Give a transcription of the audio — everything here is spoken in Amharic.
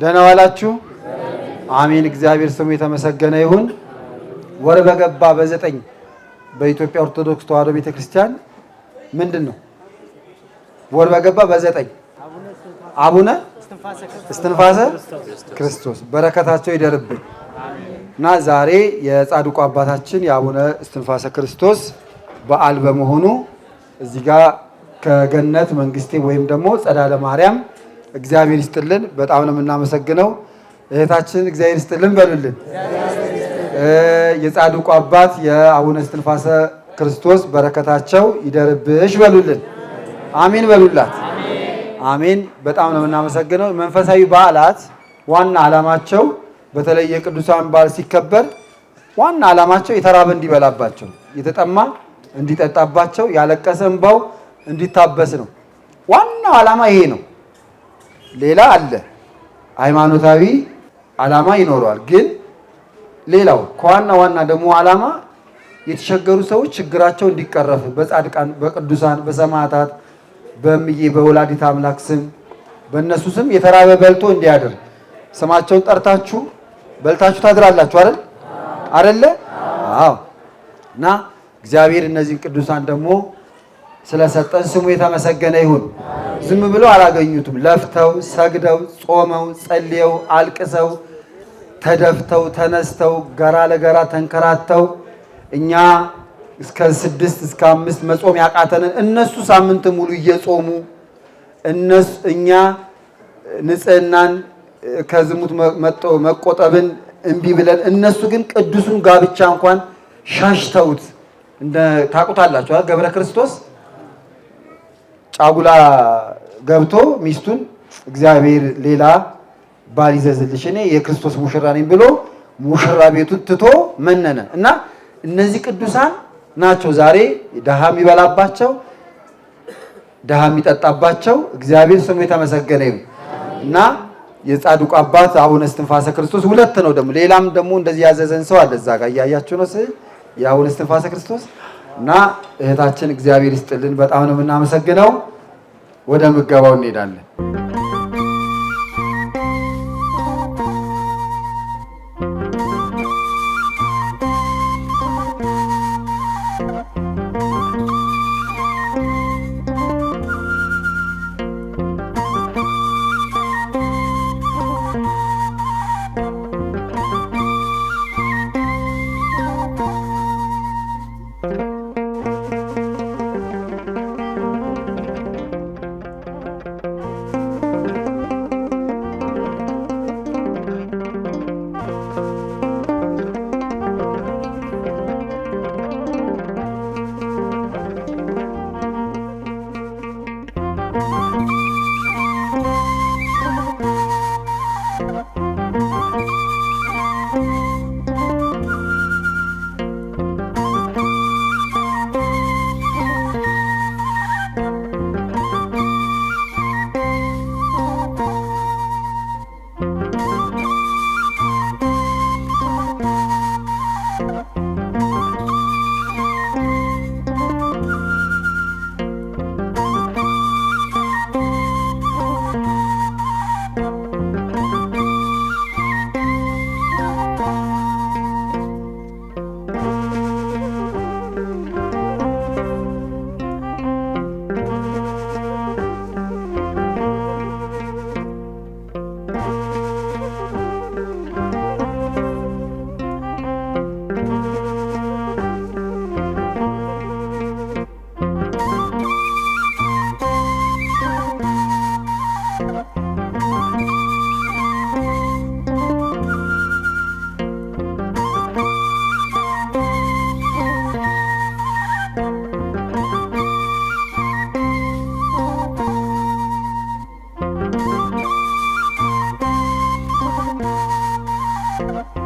ደህና ዋላችሁ። አሜን። እግዚአብሔር ስሙ የተመሰገነ ይሁን። ወር በገባ በዘጠኝ በኢትዮጵያ ኦርቶዶክስ ተዋህዶ ቤተክርስቲያን ምንድን ነው? ወር በገባ በዘጠኝ አቡነ እስትንፋሰ ክርስቶስ በረከታቸው ይደርብን እና ዛሬ የጻድቁ አባታችን የአቡነ እስትንፋሰ ክርስቶስ በዓል በመሆኑ እዚህ ጋር ከገነት መንግስቴ ወይም ደግሞ ጸዳለ ማርያም እግዚአብሔር ይስጥልን። በጣም ነው የምናመሰግነው። እህታችን እግዚአብሔር ይስጥልን በሉልን። የጻድቁ አባት የአቡነ እስትንፋሰ ክርስቶስ በረከታቸው ይደርብሽ በሉልን። አሜን በሉላት። አሜን። በጣም ነው የምናመሰግነው። መንፈሳዊ በዓላት ዋና ዓላማቸው በተለይ የቅዱሳን በዓል ሲከበር ዋና ዓላማቸው የተራበ እንዲበላባቸው፣ የተጠማ እንዲጠጣባቸው፣ ያለቀሰ እንባው እንዲታበስ ነው። ዋናው ዓላማ ይሄ ነው። ሌላ አለ። ሃይማኖታዊ ዓላማ ይኖረዋል። ግን ሌላው ከዋና ዋና ደግሞ ዓላማ የተቸገሩ ሰዎች ችግራቸው እንዲቀረፍ በጻድቃን፣ በቅዱሳን፣ በሰማዕታት፣ በእምዬ በወላዲት አምላክ ስም በእነሱ ስም የተራበ በልቶ እንዲያድር ስማቸውን ጠርታችሁ በልታችሁ ታድራላችሁ አይደል አይደለ? አዎ። እና እግዚአብሔር እነዚህን ቅዱሳን ደግሞ ስለሰጠን ስሙ የተመሰገነ ይሁን። ዝም ብለው አላገኙትም። ለፍተው፣ ሰግደው፣ ጾመው፣ ጸልየው፣ አልቅሰው፣ ተደፍተው፣ ተነስተው፣ ገራ ለገራ ተንከራተው እኛ እስከ ስድስት እስከ አምስት መጾም ያቃተንን እነሱ ሳምንት ሙሉ እየጾሙ እነሱ እኛ ንጽህናን ከዝሙት መቆጠብን እምቢ ብለን እነሱ ግን ቅዱሱን ጋብቻ እንኳን ሻሽተውት ታውቁታላችሁ ገብረ ክርስቶስ ጫጉላ ገብቶ ሚስቱን እግዚአብሔር ሌላ ባል ይዘዝልሽ እኔ የክርስቶስ ሙሽራ ነኝ ብሎ ሙሽራ ቤቱን ትቶ መነነ እና እነዚህ ቅዱሳን ናቸው ዛሬ ድሃ የሚበላባቸው ድሃ የሚጠጣባቸው። እግዚአብሔር ስሙ የተመሰገነ ይሁን እና የጻድቁ አባት አቡነ እስትንፋሰ ክርስቶስ ሁለት ነው። ደግሞ ሌላም ደግሞ እንደዚህ ያዘዘን ሰው አለ እዛ ጋር እያያችሁ ነው። ስዕል የአቡነ እስትንፋሰ ክርስቶስ እና እህታችን እግዚአብሔር ይስጥልን። በጣም ነው የምናመሰግነው። ወደ ምገባው እንሄዳለን። Bye.